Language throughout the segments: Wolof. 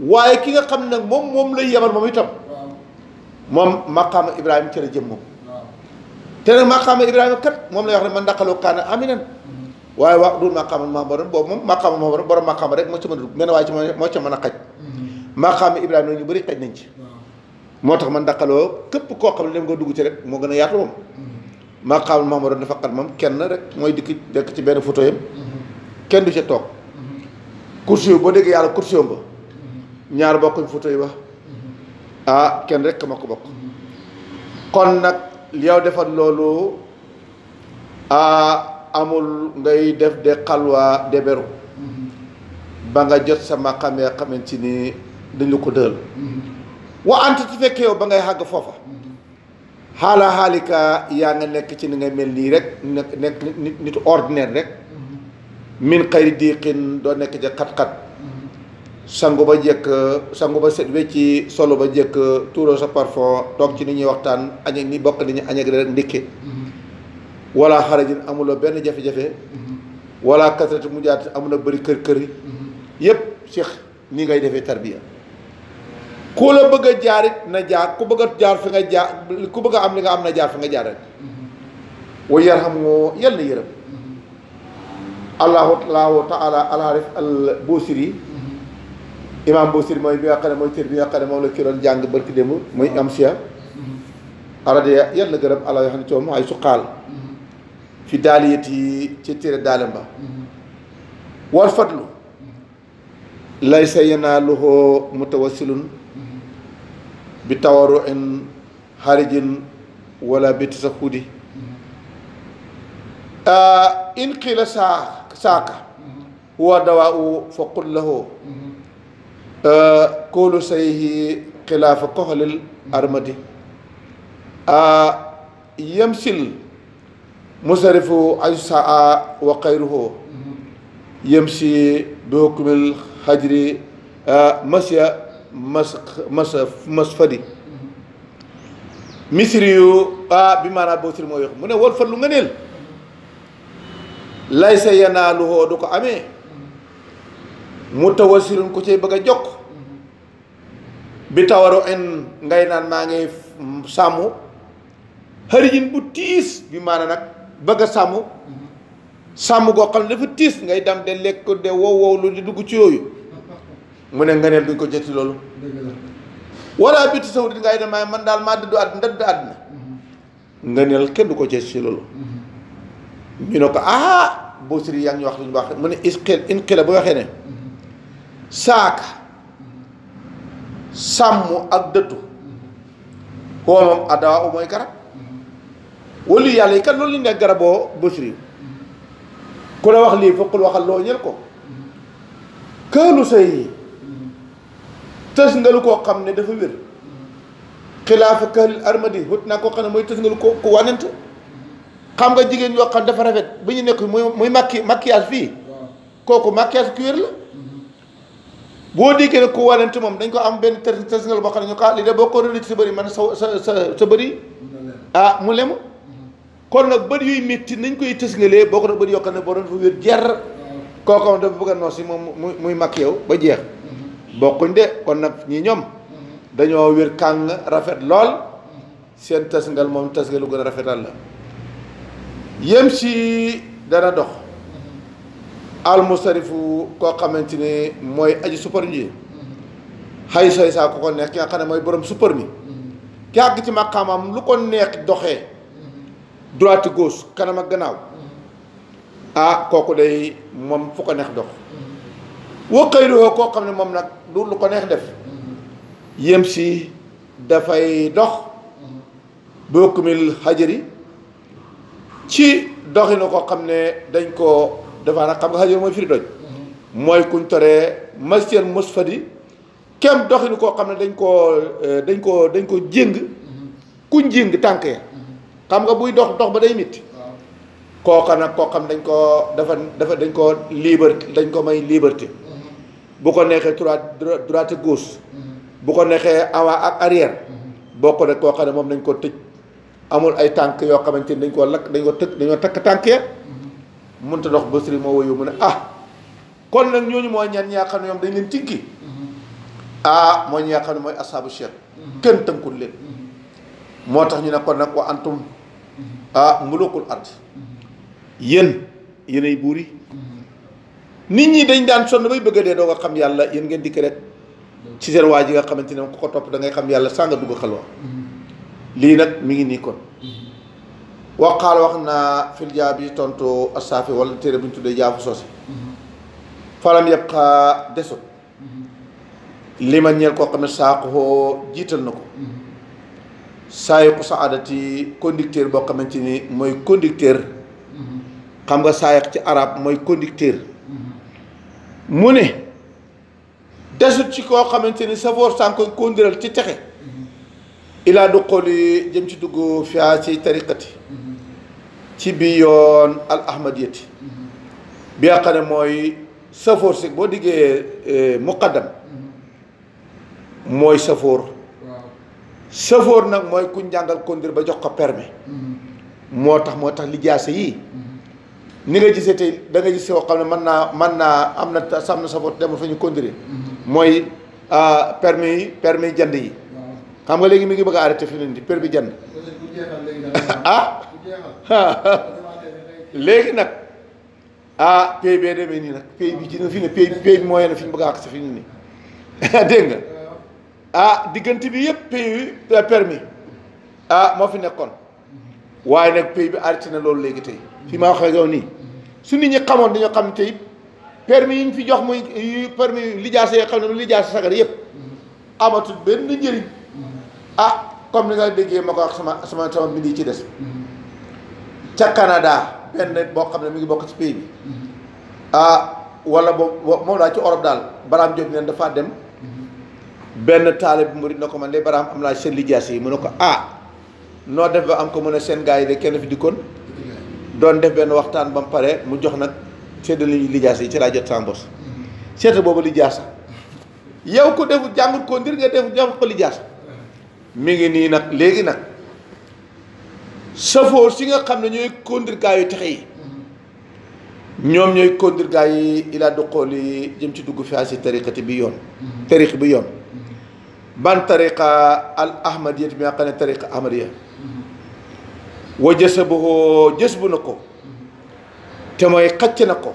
waaye ki nga xam nag moom moom lay yebal moom itam moom maqaama Ibrahima ci jëm moom te nag maqaama Ibrahima kat moom lay wax ne man daqaloo kaana aminan mm-hmm. waaye waa dul maqaama Mahmoud boobu moom maqaama Mahmoud borom maqaama rek moo ci mën a dugg mel moo ci mën a xaj mm-hmm. maqaama Ibrahima ñu bëri xaj nañ ci moo tax man daqaloo képp koo xam ne dem dugg ci rek moo gën a yaatu moom mm-hmm. maqaama Mahmoud dafa xat moom kenn rek mooy dikk dekk ci benn photo yam kenn du ca toog kursi boo déggee yàlla kursi ba ñaar bokkuñ fauteuil ba ah kenn rek ma ko bokk kon nag yow defal loolu ah amul ngay def de xalwa de ba nga jot sama xamee xamante ni dañu ko dël wa ant ci fekkee yow ba ngay xàgg foofa xaala xaalika yaa nga nekk ci ni nga mel nii rek nekk nekk nit ordinaire rek min xëyri diiqin doo nekk ca xat-xat sangu ba jekk sangu ba set wecci solo ba jekk tuuro sa parfum toog ci ni ñuy waxtaan añe ni bokk ni ñu añe rek ndikke wala xarajin amuloo benn jafe-jafe mhm. wala kasratu mujaat amuna bëri kër kër mhm. yépp cheikh ni ngay defee tarbiya ku la bëgg a na jaar ku bëgg jaar fi nga jaar ku bëgg am li nga am na jaar fi nga jaar rek mhm. wa yarhamu yàlla yërëm allahu taala al arif al busiri imam Boussir mooy bi bi nga xam ne moom la ki doon jàng barki démb muy am sia mm-hmm. aradiya yàlla gërëm ala yoo xam ne coom ay suqaal mm-hmm. fi daaliyet yi ci téere daalim ba mm-hmm. war fatlu lay sa yenaaluhoo mutawassilun bi tawaruin xarijin wala bi tasahudi ah, in qiila saa saaka huwa dawaa u fa qul koolu sayhi xilaafa koxalil armadi yamsil musarifu ajsaa wa xayruhu yamsi bi hukmil hajri masya mas mas mas fadi misri yu boo siri moo yox mu ne wal fadlu nga neel lay sa du ko amee mu tawal si cay bëgg a jokk bi tawaru en ngay naan maa ngi sàmm xërijin bu tiis bi maana nag bëgg a sàmm goo xam ne dafa tiis ngay dem de lekk de wow dugg ci yooyu mu ne ngeneel duñ ko jëtti loolu walla bitti saw di ngay dem man daal maa dëddu àdduna dëddu àdduna ngeneel kenn du ko jëtti ci ñu ne ko ah boo siri yaa ngi wax lu ñu wax mu ne inqil inqila bu waxee ne saaka sàmm ak dëttu woomam addawa u mooy garab wali yàlla yi kat loolu li nekk garaboo bësriw ku la wax lii fokkul waxal loo ñel ko këlu say yi tës nga lu koo xam ne dafa wér xilaafa këlil armadi wut naa koo xam ne mooy tës nga lu ko ku wanant xam nga jigéen yoo xam dafa rafet bi ñu nekk muy muy maki maquillage fii kooku maquillage ku wér la boo déggee ne ku warante moom dañ ko am benn ter tersinal boo xam ne ñu xaar ah, li de boo ko rëdd sa bëri man sa sa sa sa bëri ah mu lemu kon nag bët yooyu métti nañ koy tësngalee boo ko doon bët ne boo doon fa wér jar kooku dafa bëgg a noos yi moom muy muy mag yow ba jeex bokkuñ de kon nag ñi ñoom dañoo wér kàng rafet lool seen tasngal moom lu gën a rafetal la yem si dana dox almustarifu koo xamante ni mooy aji suppar ji xay sooy saa ku ko neex ki nga xam ne mooy borom suppar mi ki àgg ci maqaamam lu ko neex doxee droite gauche kanam ak gannaaw ah kooku day moom fu ko neex dox woo koo xam ne moom nag du lu ko neex def yem si dafay dox bokkumil xajari ci doxina koo xam ne dañ ko dafa nag xam nga xajoor mooy firi doj mooy kuñ toree masjid musfadi kem doxinu koo xam ne dañ koo euh, dañ koo dañ ko jéng kuñ jéng tànk ya xam nga buy dox dox ba day mitti kooka nag koo xam dañ koo dafa dafa dañ ko liberté dañ ko may liberté bu ko neexee droite droite gauche bu ko neexee avant ak arrière bokk nag koo xam ne moom dañ koo tëj amul ay tànk yoo xamante ni dañ koo lakk dañ ko tëkk dañoo takk tànk ya mënut a dox ba sëriñ moo woyoo mu ne ah kon nag ñooñu mooy ñan ñaa ne ñoom dañ leen tinki ah mooy ñi ne mooy asaabu cheikh kenn tënkul leen moo tax ñu ne kon nag ko antum ah mulukul ard yéen yéenay buur yi nit ñi dañ daan sonn bay bëgg a dee doo nga xam yàlla yéen ngeen dikk rek ci seen waa ji nga xamante ne ku ko topp dangay xam yàlla saa nga dugg xalwa lii nag mi ngi nii kon waqaal wax na fil jaabi tontu asaafi wala téere bu ñu tuddee jaafu soosi falam yëpp xaa desut li ma ñeel koo xam ne saaxoo jiital na ko saayiqu saadati conducteur boo xamante ni mooy conducteur xam nga saayiq ci arab mooy conducteur mu ne desut ci koo xamante ni safoor sànq koy ci texe ilaa du xool yi jëm ci dugg fiaa ci tariqati ci biir yoon al ahmadiyati bi nga xam ne mooy safoor eh, mooy safoor safoor nag mooy ku njàngal conduire ba jox ko permis mm-hmm. moo tax moo tax lijaasa yi ni nga gisee tey da nga gisee xam ne mën naa mën naa am na sam na safoor demoon fa ñu conduire mm-hmm. mooy ah, permis permi permis jand yi xam nga léegi mi ngi bëgg a arrêté fi mu ne nii permis jand léegi nag ah pay bee demee nii nag pay bi dina fi ne pay bi mooy na fi ñu bëgg a àq si fi ñu nii dégg ah diggante bi yëpp pay bi permis ah moo fi nekkoon waaye nag pay bi arrêté loolu léegi tey fi ma waxee yow nii su nit ñi xamoon dañoo xam tey permis yi ñu fi jox muy lijaa lijaasa yoo xam ne lijaasa sagar yëpp amatul benn njëriñ ah comme ni nga déggee ma ko ak sama sama sama mbind yi ci des ca Canada benn boo xam ne mu ngi bokk ci pays bi mm-hmm. ah wala boobu moom laa ci Europe daal Baraam Diop neen dafaa dem mm-hmm. benn taalib murid na ko man de Baraam am naa seen lijaas yi mu ne ko ah noo def ba am ko mu ne seen gars yi de kenn fi dikkoon mm-hmm. doon def benn waxtaan ba mu pare mu jox nag séddale lijaas yi ci laa jot sama bos seeta boobu lijaasa yow ko defu jàngut ko ngir nga def jox ko lijaasa mi ngi nii nag léegi nag safoor si nga xam ne ñooy conduire yu texe yi ñoom ñooy conduire yi ilaa duqool yi jëm ci dugg fi si tariqati bi yoon tariq bi yoon ban tariqa al ahmadiya bi nga xam ne tariqa ahmadiya wa jësaboo jës bu na ko te mooy xëcc na ko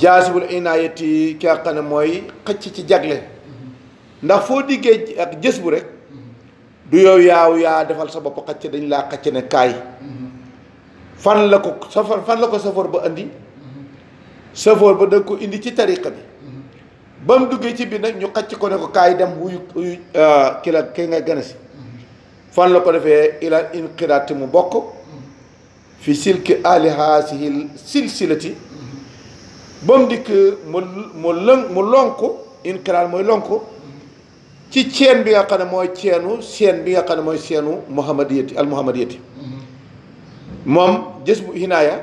jaasibul inaayati ki nga xam ne mooy xëcc ci jagle ndax foo diggee ak jës bu rek du yow yaaw yaa defal sa bopp xacc dañ laa xacc ne kaay fan la ko safar fan la ko safoor ba indi safoor ba da ko indi ci tariqa bi ba duggee ci biir nag ñu xacc ko ne ko kaay dem wuyu wuyu euh, ki ki nga gën si fan la ko defee ilal inqiraati mu bokk fi silki alihaasihi silsilati ba mu dikk mu mu lën mu lonku inqiraat mooy lonku ci ceen bi nga xam ne mooy ceenu seen bi nga xam ne mooy seenu muhammadiyati al muhammadiyati moom jës bu hinaaya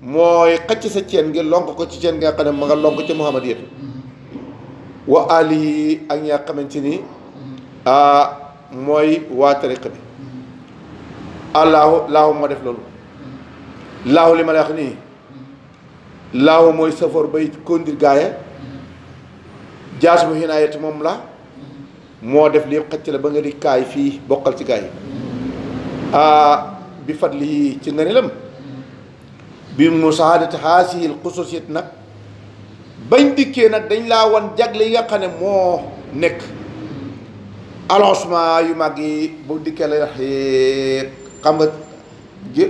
mooy xacc sa ceen gi lonk ko ci ceen gi nga xam ne ma nga lonk ci muhammadiyati wa ali ak ñaa xamante ni mooy waa allahu laahu moo def loolu laahu li ma la wax nii laahu mooy safoor bay kondir gaaya jaas bu hinaayati moom la moo def lii xëcc la ba nga di kaay fii bokkal ci gaay yi ah, bi fat lii ci ngëneelam bi musaadati haasihil xususiyat nag bañ dikkee nag dañ laa wan jagle yi moo nekk allongement yu mag yi bu dikkee la eh, xam nga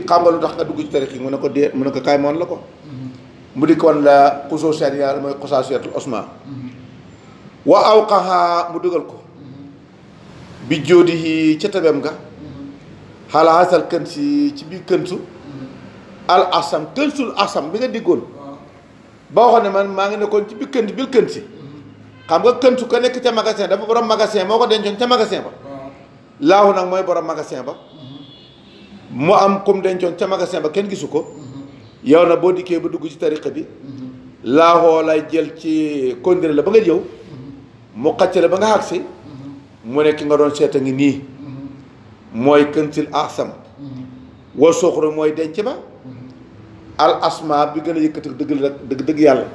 xam nga lu tax nga dugg ci tarix yi mu ne ko dee mu ne ko kaay moon la ko mm-hmm. mu dikk wan la xususiyat yaa mooy xusaasiyatul osma mm-hmm. wa awqaha mu dugal ko bi jóodi ca tebem nga xaalaa asal kën si ci biir kënsu al asam kënsul asam bi nga diggoon ba waxoon ne man maa ngi nekkoon ci biir këns kën si xam nga kënsu ka nekk ca magasin dafa borom magasin moo ko dencoon ca magasin ba laahu nag mooy borom magasin ba mu am kum dencoon ca magasin ba kenn gisu ko yow na boo dikkee ba dugg ci tariqa bi laahoo lay jël ci kondire la ba nga jëw mu xacc ba nga xagsi mu ne nga doon seet a ngi nii mooy kënsil asam wal soxru mooy denc ba al asma bi gën a yëkkati dëgg la dëgg dëgg yàlla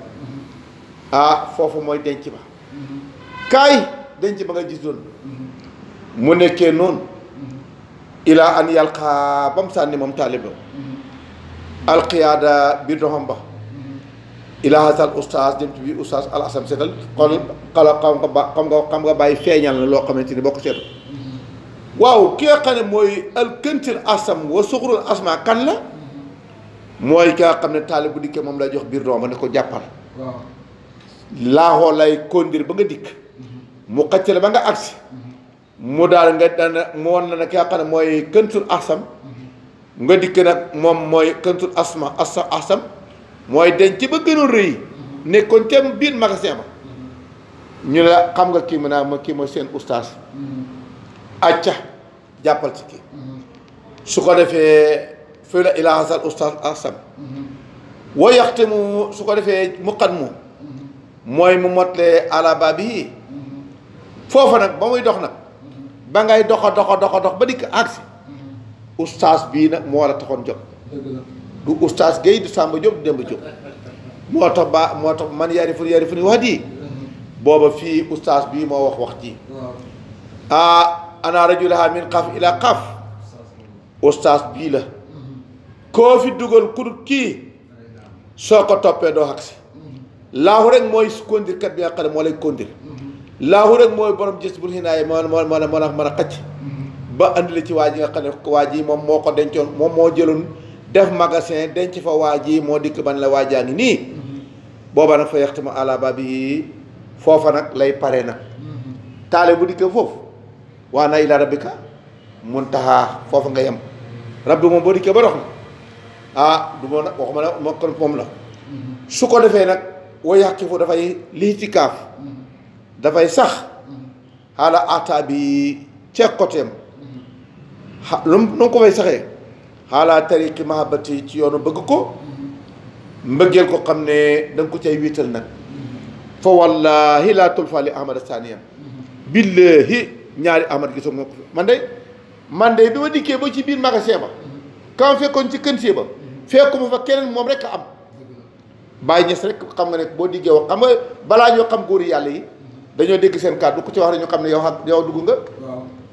ah foofu mooy denc ba kaay denc ba nga gis doon mu nekkee noonu ilaa an yàlqaa ba sànni moom taalib ba bi doxam ba ilaa sal oustaz jëm ci biir oustaz al asam seetal kon xala xam nga ba xam nga bàyyi feeñal na loo xamante ni boo ko seetu waaw ki nga xam ne mooy alkëntil asam wa suxurul asma kan la mooy ki xam ne taalib bu dikkee moom lay jox biir doom ba ne ko jàppal laaxoo lay kondir ba nga dikk mu xëcc la ba nga agsi mu daal nga dana mu wan na ki nga ne mooy këntul asam nga dikk nag moom mooy këntul asma asa mooy denc ba gënoon rëy nekkoon ca biir magasin ba ñu la xam nga kii mu naa ma kii ma seen ustaas acca jàppal ci kii su ko defee fii la ilaa hasal ustaas asam wa mu su ko defee mu mu mooy mu motle alaba bi foofu nag ba muy dox nag ba ngay doxa doxa doxa dox ba dikk agsi ustaas bii nag moo la taxoon jot du oustaz Guèye du Samba Diop du Demba Diop moo tax ba moo tax man yarifun yarifun wax di booba fii oustaz bii moo wax wax ji ah ana rajulaha min xaf ila xaf oustaz bii la koo fi dugal kudut kii soo ko toppee doo xag si rek mooy kondirkat bi nga xam moo lay kondir laahu rek mooy borom gis bul xinaaye moo moo moo mën mën a xëcc ba andi ci waa ji ji moom moo ko dencoon moom moo jëloon def magasin denc fa waa ji moo dikk ban la waajaa ngi nii booba nag fa yaxtama ala babi foofa nag lay pare nag taale bu dikkee foofu waa na ila rabbika muntaha foofa nga yem rabbi moom boo dikkee ba dox na ah du ma nag waxuma la moo kon moom la su ko defee nag woo yàqifu dafay liitikaaf dafay sax xaala ataa bi ceeg côtéem lu mu ko fay saxee xaalaa tariqi mahabati yi ci yoonu bëgg ko mbëggeel ko xam ne da ko cay wiital nag fa wallahi laa tulfa li ahmad saniyam billahi ñaari ahmad gisoo ma ko man de man de bi ma dikkee ba ci biir magasin ba kam fekkoon ci kën see ba fekkuma fa keneen moom rek a am bàyyi ñes rek xam nga ne boo diggee wax xam nga balaa ñoo xam góori yàlla yi dañoo dégg seen kàddu ku ci wax rek ñu xam ne yow ak yow dugg nga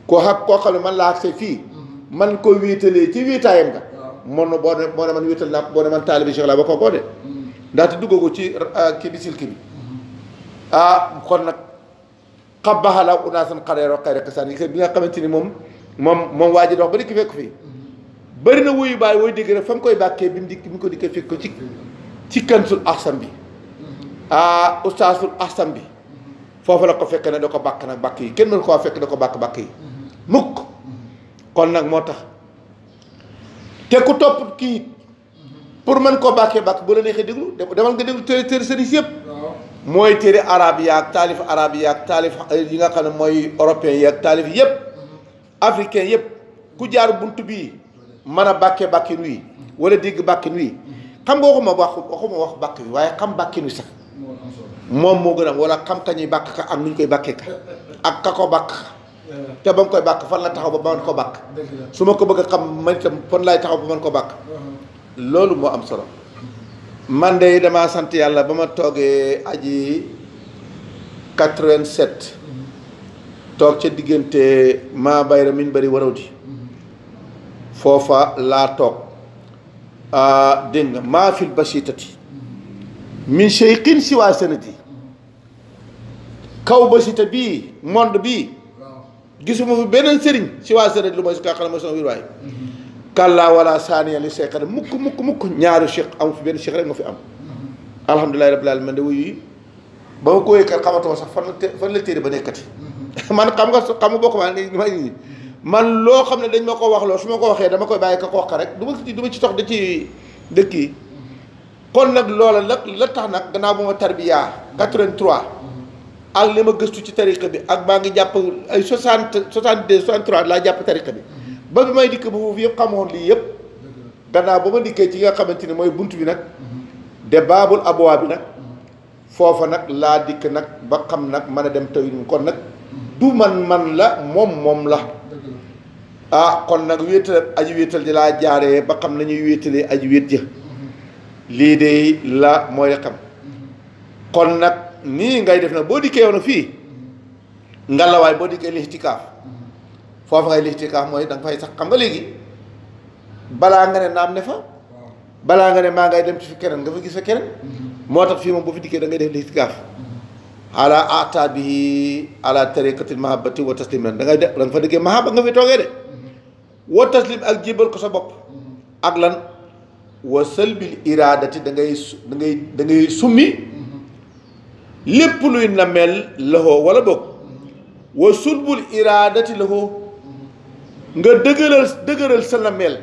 koo ak koo xam ne man laa ak see fii man koo wéetalee ci wéetaayam nga moon na boo ne boo ne man wéetal naa boo ne man taalibi Cheikh laa ba kookoo de mm-hmm. ndaxte dugg ko ci ah, kii bi silki bi mm-hmm. ah kon nag xabaxa laa unaasan xareero xay rek saan yi bi nga xamante ni moom moom moom waa ji dox ba dikk fekk fii mm-hmm. bëri na wuyu baay wooy dégg rek fa mu koy bàkkee bi mu dikk mu ko dikkee fekk ko ci ci kansul axsam bi ah ustaasul axsam bi foofu la ko fekkee ne da ko bàkk nag bàkk yi kenn ko koo fekk da ko bàkk bàkk yi mukk kon nag moo tax te ku topp kii pour man koo bàkkee bàkk bu la neexee déglu demal nga déglu téere téere sëriñ yëpp mooy téere arab yaag taalif arab yaag taalif euh, yi nga xam ne mooy européen yaag taalif yëpp africain yëpp ku jaar bunt bi man a bàkkee bàkkin wi wala dégg bàkkin wi xam nga waxuma wax waxuma wax bàkk bi waaye xam bàkkin wi sax moom moo gën a wala xam kañuy bàkk ka ak nu ñu koy bàkkee ka ak ka ko bàkk te ba mu koy bàkk fan la taxaw ba man ko bàkk su ma ko bëgg a xam man itam fan laay taxaw ba man ko bàkk uh-huh. loolu moo am solo man de damaa sant yàlla ba ma toogee aji 87 uh-huh. toog ca diggante maa bayra min bëri waraw di uh-huh. toog ah, dégg nga maa kaw basita monde bii gisuma fi beneen sëriñ si waa sëriñ lu mooy si kaa xam ne mooy sama biir waay kàllaa wala saaniya li seeqare mukk mukk mukk ñaari cheikh am fi benn cheikh rek nga fi am alhamdulilahi rabbil alamin man de wuyu ba ma ko yëkkat xamatuma sax fan la fan la téere ba nekkati mm-hmm. man xam nga xam nga bokk maa ni ma ñi man loo xam ne dañ ma ko wax loo su ma ko waxee dama koy bàyyi ko wax rek du ma ci du ma ci sox da ci dëkk yi mm-hmm. kon nag loola la la tax nag gannaaw bu ma tarbiyaa 83 ak li ma gëstu ci tariqa bi ak maa ngi jàpp ay soixante soixante deux soixante trois laa jàpp tariqa bi ba bi may dikk ba foofu yëpp xamoon lii yëpp gannaaw ba ma dikkee ci nga xamante ni mooy bunt bi nag de baabul abwaa bi nag foofa nag laa dikk nag ba xam nag mën a dem tawin kon nag du man man la moom moom la ah kon nag wéetal aji wéetal di laa jaaree ba xam nañuy wéetalee aji wéet ja lii de la mooy xam kon nag nii ngay def nag boo dikkee yow fii ngalawaay boo dikkee lixtikaaf foofu ngay lixtikaaf mooy da nga fay sax xam nga léegi balaa nga ne naam ne fa balaa nga ne maa ngay dem ci fi keneen nga fa gis fa keneen mm-hmm. moo tax fii moom boo fi dikkee da ngay def lixtikaaf mm-hmm. ala ata bi ala tariqatil mahabbati wa taslim da ngay def da nga fa déggee mahabba nga fi toogee de mm-hmm. wa taslim ak jébal ko sa bopp ak lan wa sël bi da ngay da ngay da ngay summi lépp luy nameel laxoo wala bokk wa sulbul iraadati laxoo nga dëgëral dëgëral sa nameel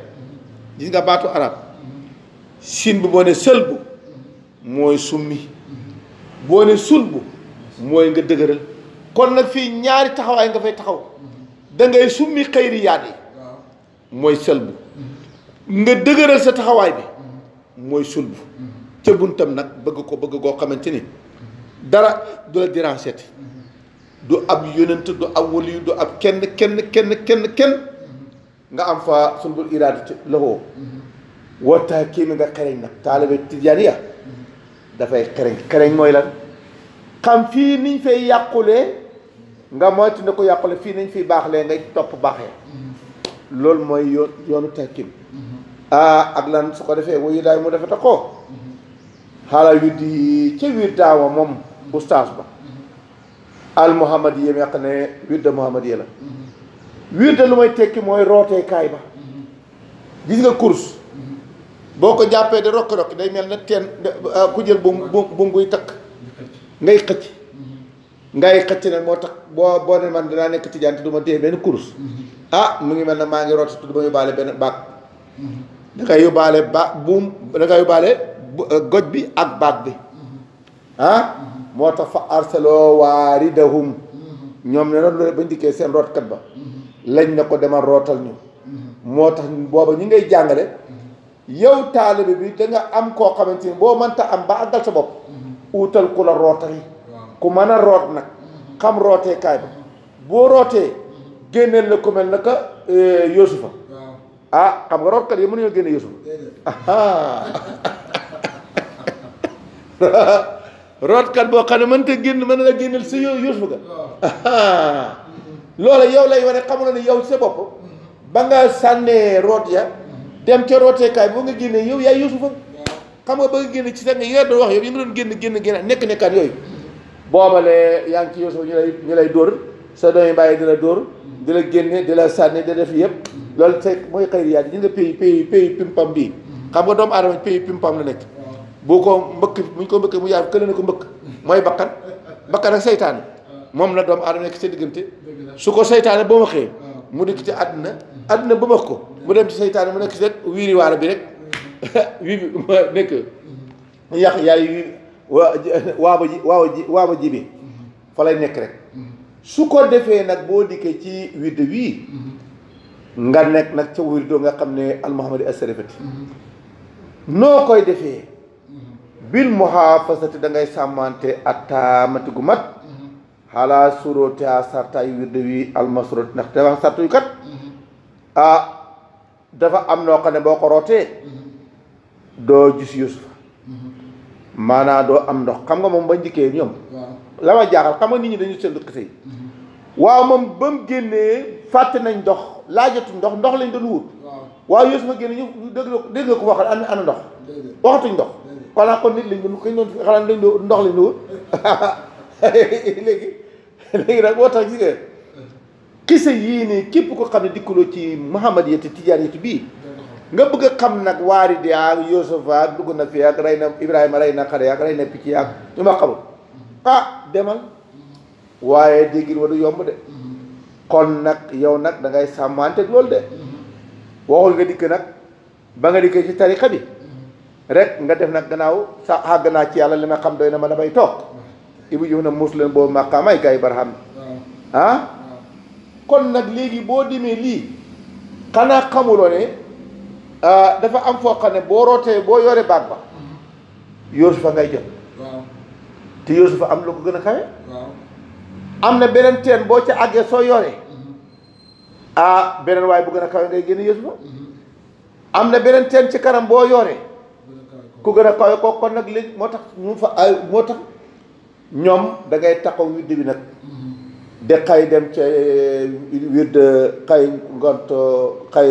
gis nga baatu arab sin bi boo ne sëlbu mooy summi boo ne sulbu mooy nga dëgëral kon nag fii ñaari taxawaay nga fay taxaw da ngay summi xëyri yaat yi mooy sëlbu nga dëgëral sa taxawaay bi mooy sulbu ca buntam nag bëgg ko bëgg koo xamante ni dara du la déranger du ab yonent du ab waliyu du ab kenn kenn kenn kenn kenn nga am fa sunbul iraadati loxo waxtaan kii mi nga xereñ nag taalibe tijaaniya dafay xereñ xereñ mooy la xam fii niñ fay yàqulee nga moytu ne ko yàqule fii niñ baax baaxlee ngay topp baaxee loolu mooy yoon yoonu tekkim ah ak lan su ko defee wuyu daay mu defete ko xaalal yu di ca wiir daawa moom ustaas ba al muhammad yi yépp ne wirde muhammad yi la wirde lu may tekki mooy rooteekaay ba gis nga course boo ko jàppee di rokk-rokk day mel na teen ku jël bu bu buy takk ngay xëcc ngay xëcc nag moo tax boo boo ne man dinaa nekk tijaan te du ma dee benn ah, mu ngi mel na maa ngi root benn baag da ngay buum da ngay eh, goj bi ak baag bi ah moo tax fa arselo waaridahum ñoom ne noonu bañ dikkee seen rootkat ba lañ ne ko demal rootal ñu moo tax booba ñi ngay jàngale yow taalibe bi da am koo xamante ni boo mënta am ba àggal sa bopp uutal ku la rootali ku mën a root nag xam rooteekaay ba boo rootee génneel la ku mel na ka e, Yuusufa ah xam nga rootkat yi mënuñoo génne Yuusufa rootkat boo xam ne mënta génn mën na la génneel sa yuusu ga loola yow lay wane xamuloo ne yow sa bopp ba nga sànnee root ya dem ca rooteekaay boo nga génnee yow yaay yuusu fa xam nga ba nga génn ci sa nga yor doon wax yow yi nga doon génn génn génn nekk nekkaat yooyu boobalee yaa ngi ci yuusu ñu lay ñu lay dóor sa doomi bàyyi di la dóor di la génne di la sànni di def yëpp loolu sa mooy xëy yaay ñu nga pays pays pays pimpam bii xam nga doomu aadama pays pimpam la nekk boo ko mbëkk buñ ko mbëkkee mu yaay kële na ko mbëkk mooy bakkan bakkan ak seytaane moom la doomu aadama nekk sa diggante su ko seytaane ba ma mu dikk ci àdduna àdduna ba ma ko mu dem ci seytaane mu nekk si rek wiiri waara bi rek wii bi nekk yàq yaay wi waaba ji waaba ji waaba ji bi fa lay nekk rek su ko defee nag boo dikkee ci wird wii nga nekk nag ca wirdoo nga xam ne almuhammadi asarifati noo koy defee bil muhaafasati da ngay sàmmante attaamati gu mat xalaa suróotea sarta yu de wi almasrooti ndax dafa sarta yu kat ah dafa am noo xam ne boo ko rootee doo gis yusufa maanaam doo am ndox xam nga moom ba njëkkee ñoom lama ma jaaxal xam nga nit ñi dañu seen dëkk sëy waaw moom ba mu génnee fàtte nañ ndox laajatu ndox ndox lañ doon wut waaw yusufa génne ñu dégg nga ko waxal a ndox waxatuñ ndox xanaa kon nit lañ doon xëy na xanaa lañ doon ndox lañ doon nag moo tax gis nga képp ko xam ne dikkuloo ci muhammadiyati tijaaniyati bii nga bëgg a xam nag waaridi ak Yuusufa ak dugg na fi ak rey na ak rey na picc ak ñu ma xamul ah, demal waaye déggin wa de kon nag yow nag da ngay sàmmante nga dikk nag ba nga dikkee ci tariqa bi rek nga def nag gannaaw sa àgg naa ci yàlla li ma xam doy na ma damay toog Ibou Diouf na muus leen boobu may gars yi baraham ah kon nag léegi boo demee lii xanaa xamuloo ne ah, dafa am foo xam ne boo rootee boo yore baag ba Youssoupha ngay jot te Youssoupha am lu gën a kawe am na beneen teen boo ca àggee soo yoree mm-hmm. ah beneen waaye bu gën a kawe ngay mm-hmm. na beneen teen ci kanam boo yoree ku gën a kawe kooku kon nag léegi moo tax ñu fa ay moo tax ñoom da ngay taxaw wird bi nag de xay dem ca eh, wird xay ngont xay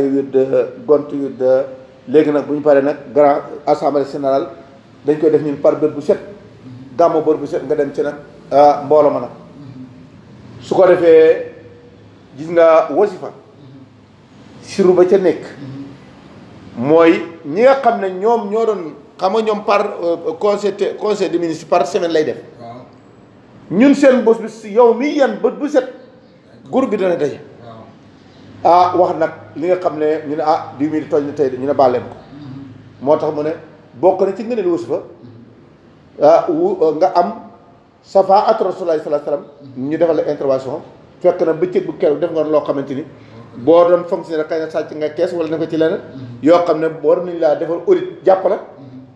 léegi nag bu ñu paree nag grand assemblée sénéral dañ koy def ñun par bët bu set gàmmu bët bu set nga dem ci nag ah, mbooloo ma nag su ko defee gis nga wasifa siru ba ca nekk mm-hmm. mooy ñi nga xam ne ñoom ñoo doon xam nga ñoom par euh, conseil de des ministres par semaine lay def ñun seen bés bi yow mi yan bët bu set groupe bi dana daje ah wax nag li nga xam ne ñu ne ah diw mi di tooñ na tey ñu ne baal leen ko mm-hmm. moo tax mu ne bokk na ci ngëneel wasifa mm-hmm. ah euh, nga am safa at rasulullah sallallahu alayhi wasallam ñu defal la intervention fekk na bëccëg bu keroog def nga loo xamante ni mm-hmm. boo doon fonctionner xëy na sàcc nga kees wala ne ko ci leneen yoo xam ne boo doon nañu laa defal audit jàpp la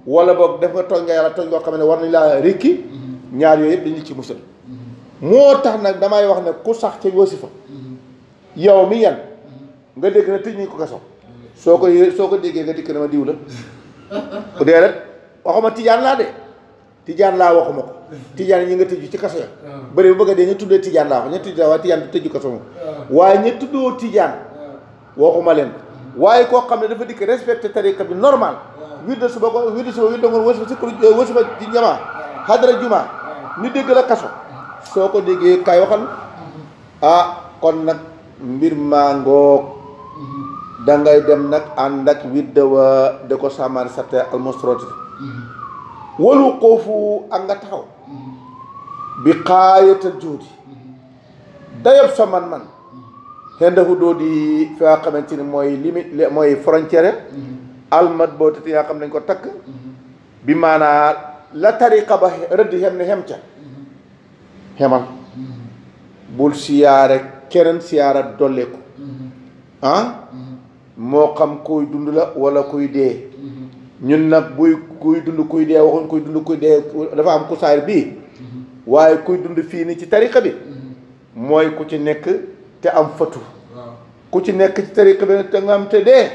wala boobu def nga tooñ nga yàlla tooñ ngoo xam ne war nañ laa rikki ñaar yooyu yëpp dañu ci musal moo tax nag damay wax ne ku sax ca wasifa yow mi yan nga dégg na tëj ñu ko kaso soo ko soo ko déggee nga dikk na ma diw la bu dee rek waxuma tijaan laa de tijaan laa waxuma ko tijaan ñi nga tëju ci kaso ya ah. bëri bu bëgg a dee ñu tuddee tijaan laa wax ñu tuddee waaye tijaan tëju kaso moom ah. waaye ñu tuddoo tijaan ah. waxuma leen mm-hmm. waaye koo xam ne dafa dikk respecté tariqa bi normal wirdal suba ko wirdal suba wirdal ngol wosuba eh, sikku wosuba jama hadara juma ni dégg la kaso soo ko déggee kaay waxal ah kon nag mbir maa da ngay dem nak ànd ak wirda wa da ko sàmmaani sarte almostroti walu koofu ak nga taxaw bi xaayatal joodi dayob sa man-man xen dafu di fi nga xamante ni mooy limite mooy frontière almat bootati yaa xam dañ ko takk bi maanaa la tariqa ba rëdd xem ne xem ca xemal bul siyaare keneen siyaara dolleeku ah moo xam kuy dund la walla kuy dee ñun nag buy kuy dund kuy dee waxuñ kuy dund kuy dee dafa am ku saayir bii waaye kuy dund fii ni ci tariqa bi mooy ku ci nekk te am fatu ku ci nekk ci tariqa bi te nga am te dee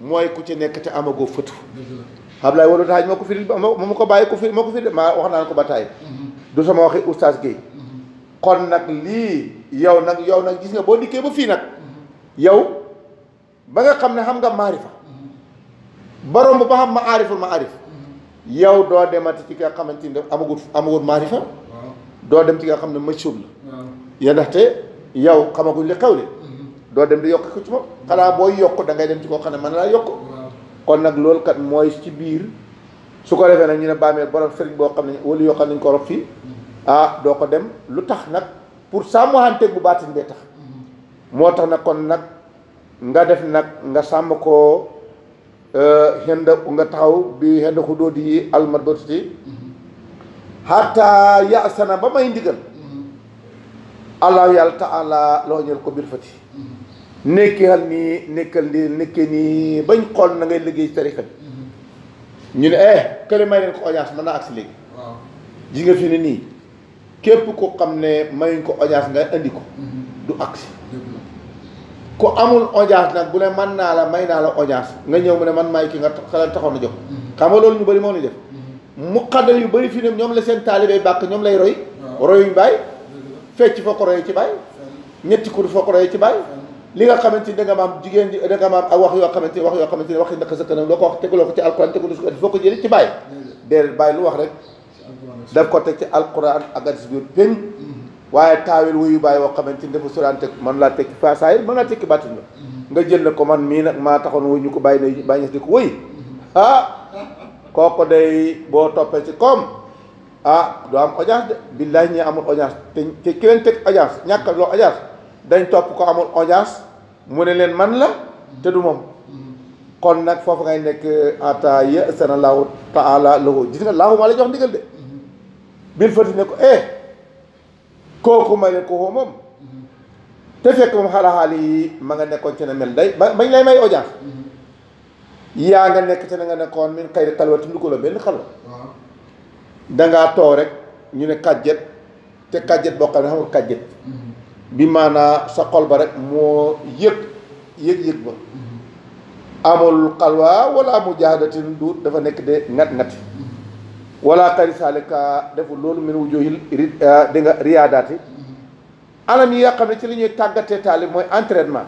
mooy ku ci nekk te amagoo fëtu Ablaye Walo Taaj moo ko firi moo ko bàyyi ko firi moo ko firi maa wax naan ko ba taay du sama waxi oustaz Guèye kon nag lii yow nag yow nag gis nga boo dikkee ba fii nag yow ba nga xam ne xam nga maarifa borom bu ba xam ma aariful ma aarif yow doo demati ci nga xamante ne amagut amagut maarifa doo dem ci nga xam ne mëccub la ya ndaxte yow xamaguñ li xew li doo dem di yokk ko ci moom xanaa booy yokk da ngay dem ci koo xam ne mën laa yokk kon nag loolu kat mooy ci biir su ko defee nag ñu ne bàmmeel borom sëriñ boo xam ne wala yoo xam ne ñu ko rob fii mm-hmm. ah doo ko dem lu tax nag pour sàmmanteeg bu baatin bee tax mm-hmm. moo tax nag kon nag nga def nag nga sàmm koo euh, xend nga taxaw bi xend xudóo di yi almat dootiti xataa mm-hmm. yaasana ba may ndigal allahu yàlla taala loo ñël ko bir fati nekkal nii nekkal nii nekkee nii bañ xool na ngay liggéey tarixa bi ñu ne eh kële may leen ko audience mën naa agsi léegi ji nga fi ne nii képp ku xam ne mayuñ ko audience nga indi ko mhm. du agsi ku amul audience nag bu ne man naa la may naa la audience nga ñëw mu ne man maay ki nga xelal taxaw na jox mhm. xam nga ñu bëri moo ñu def mhm. muqaddal yu bari fi ne ñoom la seen taalibey bàkk ñoom lay roy royuñ bàyyi fecc foo ko royee ci bàyyi ñetti kur foo ko ci bàyyi li nga xamante ni da nga maam jigéen ji da nga maam ak wax yoo xamante ni wax yoo xamante ni waxi naka sa kanam loo ko wax tegaloo ko ci alquran tegaloo ko ci bàyyi déedéet bàyyi lu wax rek daf ak hadis biir pen waaye taawil wuyu bàyyi woo xamante ni dafa suraante man laa teg fa saayir mën laa tekki nga jël na ko man mii nag maa taxoon wuyu ñu ko bàyyi na bàyyi di ko wuy kooko ah, kooku boo toppee ci koom ah doo am audience de billahi ñi amul audience te te ki leen teg audience ñàkkal loo audience dañ topp ko amul audience mu ne leen man la te du moom kon nag foofu ngay nekk ata ya sana laahu taala lahu gis nga laahu maa la jox ndigal de bil fati ne ko eh kooku may leen kooku moom te fekk moom xalaxaal yi ma nga nekkoon ci na mel day bañ lay may audience yaa nga nekk te na nga nekkoon min xëy di xalwa tundu ko la benn xalwa dangaa toog rek ñu ne kàjjet te kàjjet boo xam ne xam nga bi maanaa sa xol ba rek moo yëg yëg-yëg ba mm-hmm. amul xalwa wala mujaadatin du dafa nekk de ngat-ngati mm-hmm. wala xari saalika deful loolu min wujuhil ah, di nga riyaadaati mm-hmm. anam yi nga xam ne ci li ñuy tàggatee taalib mooy entraînement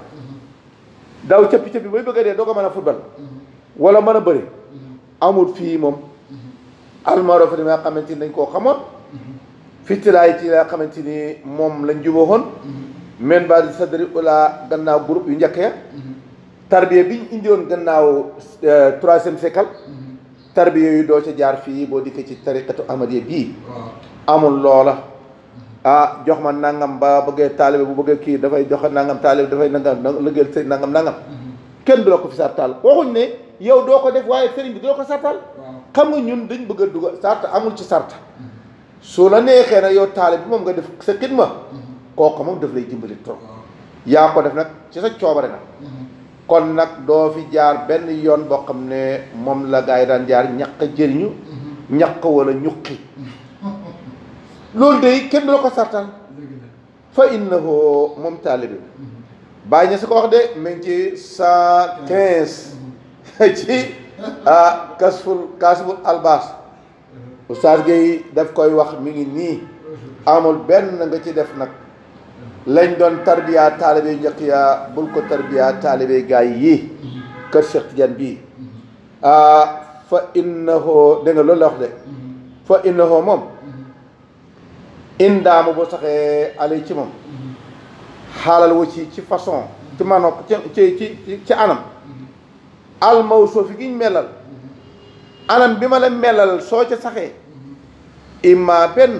daw cëppi-cëppi bay bëgg a dee doo ko mën a football wala mën a bëri amul fii moom almaro fa di nga xamante ni dañ koo xamoon fitiraay ci la xamante ni moom lañ jubaxoon men ba di sadari ula gannaaw groupe yu njëkk ya tarbiya biñ indiwoon gannaaw euh, troisième siècle tarbiya yu doo ca jaar fii boo dikkee ci tariqatu ahmadiya bii amul loola ah jox ma nangam ba bëggee taalibe bu bëggee kii dafay joxe nangam taalibe dafay nangam lëggeel sëñ nangam nangam kenn du la ko fi sartaal waxuñ ne yow doo ko def waaye sëriñ bi doo ko sartaal xam nga ñun dañ bëgg a dugal amul ci sarta su la neexee nag yow taalib bi moom nga def sa xidma mm-hmm. kooku moom daf lay dimbali trop yaa ko def nag ci sa coobare nag mm-hmm. kon nag doo fi jaar benn yoon boo xam ne moom la gaa yi daan jaar ñaq jëriñu mm-hmm. ñaq wala ñuqi loolu day kenn du la ko sartal fa innahu moom taalibi bàyyi na si ko wax de mi ngi ci cent quinze ci ah, kasful kasful albas Oustaz Gueye daf koy wax mi ngi nii amul benn nga ci def nag lañ doon tarbiya taalibe njëkk ya bul ko tarbiya taalibe gaay yi kër Cheikh Tidiane bii ah, fa innahu da nga loolu la de fa innahu moom indaamu bu saxee alay ci moom xaalal wu ci ci façon ci manook ci ci ci anam almawsoo fi giñ melal anam bi ma la melal soo ca saxee imma benn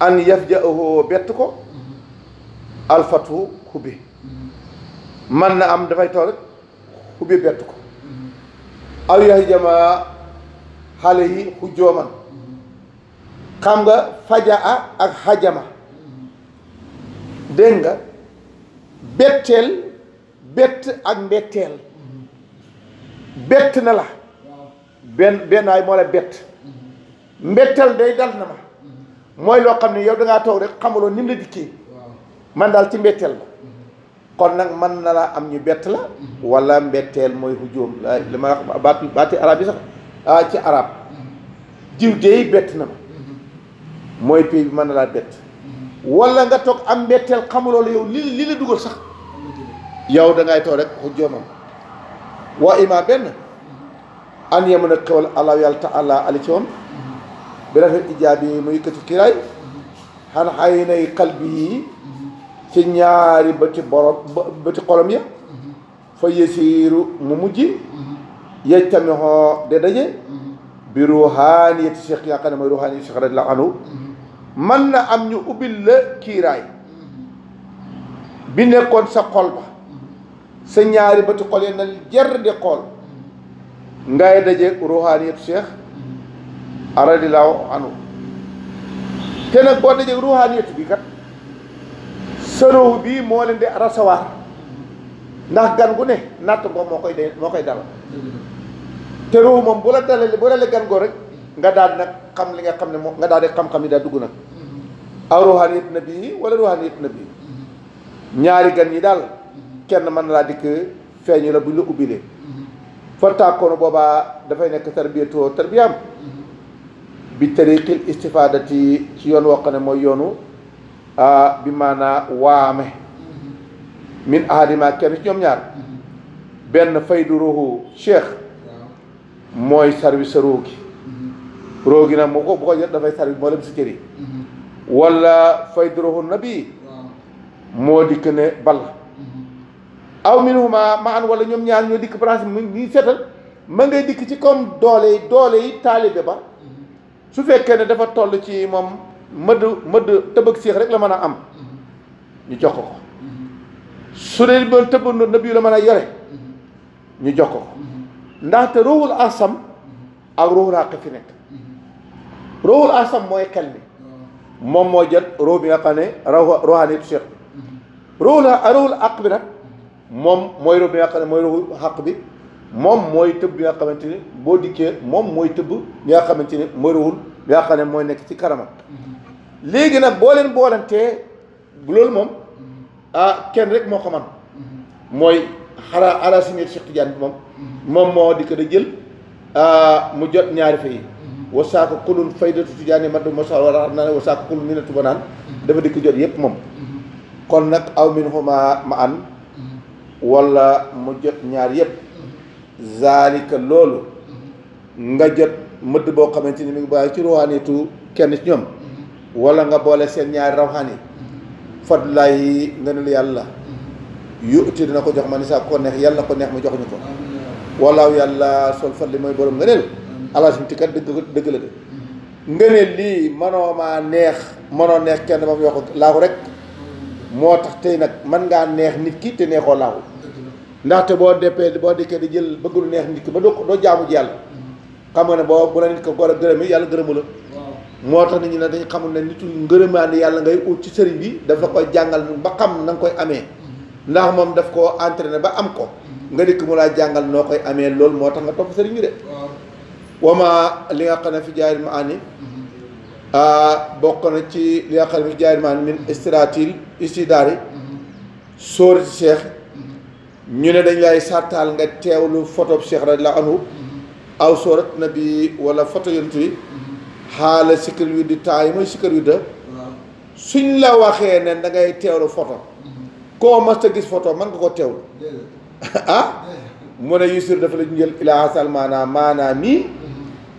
an yaf ja ahoo bett ko alfatu xubbi man na am dafay toog rek bett ko al yax xale yi xujjooman xam nga faja ak xajama dégg nga betteel bett ak mbetteel bett na la benn benn waay moo la bett mbettal day dal na ma mooy loo xam ne yow da taw rek xamuloo ni la dikkee man daal ci mbetteel la mm-hmm. kon nag man na laa am ñu bett la mm-hmm. wala mbetteel mooy hujjoom li baati arab yi sax ah, ci araab mm-hmm. jiw dey bett na ma mooy pays bi mën na laa bett wala nga toog am mbetteel xamuloo la yow li li la dugal sax yow dangay ngay rek hujjoomam waa imaam benn an yamën a xewal àlaw yàlla ta àlla ali ci moom bi rafet ijaab yi mu yëkkati kiraay xan xay nay xalbi yi ci ñaari bëti borom bëti xolom ya fa yësiiru mu mujj yej tamixoo de daje bi ruuxaaniyati cheikh yaa xam ne mooy ruuxaani cheikh radiyallahu anhu man na am ñu ubbi la kiiraay bi nekkoon sa xol ba sa ñaari bëti xol ya na jar di xool ngay dajeeg ruuxaaniyatu cheikh radiyallaahu anhu te nag boo dajeeg ruuxaaniyatu bi kat sa ruux bii moo leen di recevoir ndax gan gu ne natt nga moo koy de moo koy dal te ruux moom bu la dalee bu dalee gan goo rek nga daal nag xam li nga xam ne moom nga daal di xam-xam yi daa dugg nag aw ruuxaaniyatu nabi yi wala ruuxaaniyatu na yi ñaari gan yi daal kenn mën laa dikk feeñu la bu la la ubbilee fanta kono boobaa dafay nekk tarbiyatoo tarbiyaam bi tariqil istifaadati ci yoon woo xam ne mooy yoonu bi maanaa waame min ahadima kenn ci ñoom ñaar benn faydu ruuxu cheikh mooy service sa ruux gi ruux gi nag moo ko bu ko jot dafay service moo lem si cëri wala faydu ruuxu nabi moo dikk ne bal aw minhuma ma an wala ñoom ñaar ñoo dikk branche mu ñuy seetal ma ngay dikk ci comme doole yi doole yi taalibe ba su fekkee ne dafa toll ci moom mëdd mëdd tëbëg seex rek la mën a am ñu jox ko su dee ba tëbëg nabi la mën a yore ñu jox ko ndaxte ruuxul asam ak ruuxul àq fi nekk ruuxul mooy xel mi moom moo jot ruux bi nga xam ne ruuxaanitu seex ruuxul ruuxul àq bi nag moom mooy rob bi nga xam mooy robu xàq bi moom mooy tëb bi nga xamante ni boo dikkee moom mooy tëbb bi nga xamante ni mooy rawul mooy nekk ci kanamam mm-hmm. léegi nag boo leen boolantee loolu moom mm-hmm. ah kenn rek moo ko mm-hmm. mooy xaraa ala sinet Cheikh moom moom moo di ko da jël ah, mu jot ñaari fa yi wasaaka kulun faydatu Tidiane ma ma sa wara naa ne wasaaka kulun ni naan dafa di ko jot yépp moom kon nag aw min huma ma an wala mu jot ñaar yëpp zaalika loolu nga jot mëdd boo xamante ni mi ngi bàyyi ci ruwaanitu kenn ci ñoom wala nga boole seen ñaari rawxaan yi fadlaayi ngëneel yàlla yuuti dina ko jox ma ni saa ko neex yàlla ko neex mu jox ñu ko walaaw yàlla sol fadli mooy borom ngëneel alasimti kat dëgg dëgg la de ngëneel lii mënoo maa neex mënoo neex kenn ba mu yokk laa rek moo tax tey nag man ngaa neex nit ki te neexoo laaxu ndaxte boo deppee boo dekkee di jël bëgg lu neex nit ki ba doo doo jaamu ji yàlla xam nga ne boo bu la nit ko góor gërëm gërëme yàlla gërëmu la moo tax nit ñi nag dañu xamul ne nitu ngërëmaane yàlla ngay ut ci sëriñ bi dafa ko jàngal ba xam na nga koy amee ndax moom daf koo ne ba am ko mm-hmm. nga dikk mu laa jàngal noo koy amee loolu moo tax nga topp sëriñ bi de wama li nga xam ne fi jaay ma àndi mm-hmm. bokk na ci li nga xam ne jaay maan min istiratil dañ lay sartaal nga teewlu photo cheikh radiyallahu anhu aw sóorat nabi wala photo yonent hala xaala sikkar yu di temps yi mooy yu da suñ la waxee ne da ngay teewlu photo ko mas a gis photo man nga ko teewlu ah mu ne Yuusuf dafa la ñu jël asal maanaam maanaam mii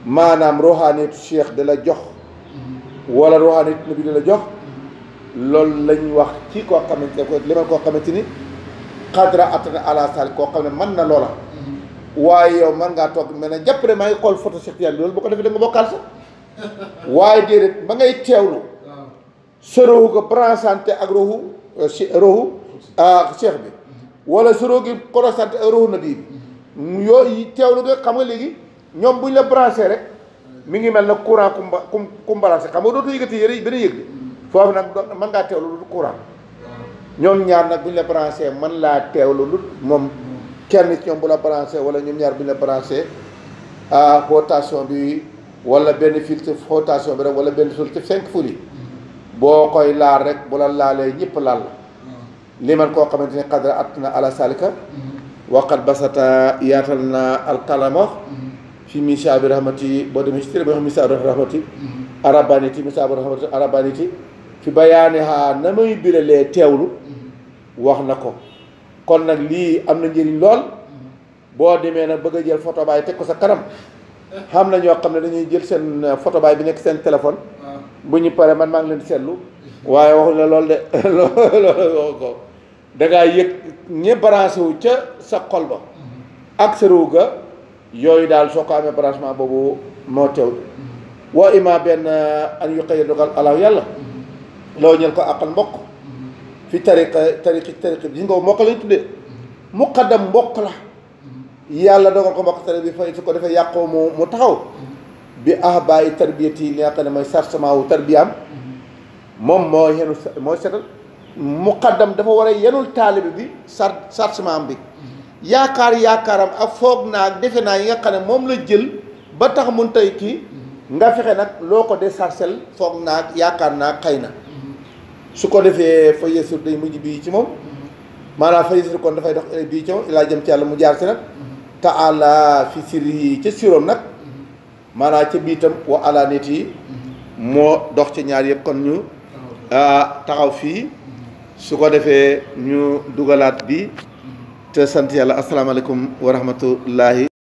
maanaam roxaaneetu cheikh da la jox wala ruuxaan it di la jox loolu lañ wax ci koo xamante ko li koo xamante ni xadra atana ala sal koo xam ne mën na loola waaye yow mën ngaa toog mel na jàpp ne maa xool photo Cheikh Tidiane loolu bu ko defee da nga bokkaal sax waaye déedéet ba ngay teewlu sa roxu ko branchante ak roxu euh, roxu euh, cheikh bi wala sa roxu gi branchante ak roxu nabi bi yooyu teewlu nga xam nga léegi ñoom bu buñ la branché rek mi ngi mel na courant ku mba ku ku mbalancé xam nga dootoo yëgati yëre yi benn yëg bi foofu nag mën ngaa teewlu lu courant ñoom ñaar nag bu ñu la branché man laa teewlu lu moom kenn ci ñoom bu la branché wala ñoom ñaar bu ñu la branché ah rotation bi walla benn fil ci rotation bi rek wala benn fil ci cinq fil yi boo koy laal rek bu la laalee ñëpp laal li man koo xamante ne xadra at na ala salika mm-hmm. waqat basata yaatal na alkalama mm-hmm. fi misa bi rahmati boo demee si téere boo xam misa bi rahmati mm-hmm. arabaniti misa bi rahmati arabaniti fi bayaane haa na muy biralee teewlu mm-hmm. wax na ko kon nag lii am na njëriñ lool mm-hmm. boo demee nag bëgg a jël photo teg ko sa kanam xam na ñoo xam ne dañuy jël seen uh, photo bi nekk seen téléphone ah. bu ñu paree man maa ngi leen seetlu waaye waxuñ la lool de loolu ko dangaa yëg ñe branché wu ca sa xol ba ak sa ruuga yooyu daal soo ko amee branchement boobu moo teew wa ima benn euh, an yu xëy dogal alaaw yàlla loo ñel ko àqal mbokk fi tariqa tariqi tariqi bi yi nga mbokk lañ tuddee muqaddam mbokk yàlla dogal ko mbokk tari bi su ko defee yàqoo mu mu taxaw bi ahbaay bàyyi yi li nga xam ne mooy sarcement wu tarbiyaam moom moo yenu mooy setal muqaddam dafa war a yenul taalibe bi sar sarcement am bi yaakaar yaakaaram ak foog naa ak defe naa yi nga xam ne moom la jël ba tax mun tey kii nga fexe nag loo ko desarcel foog naa ak yaakaar naa xëy na su ko defee fayee sur mujj bii ci moom maanaam fayee kon dafay dox bii ci moom jëm ci yàlla mu jaar si nag te àlla fi siri yi nag maanaam ca biitam wa ala nit moo dox ci ñaar yëpp kon ñu taxaw ah, fii su ko defee ñu dugalaat bi te sant yàlla asalaamaaleykum wa rahmatullahi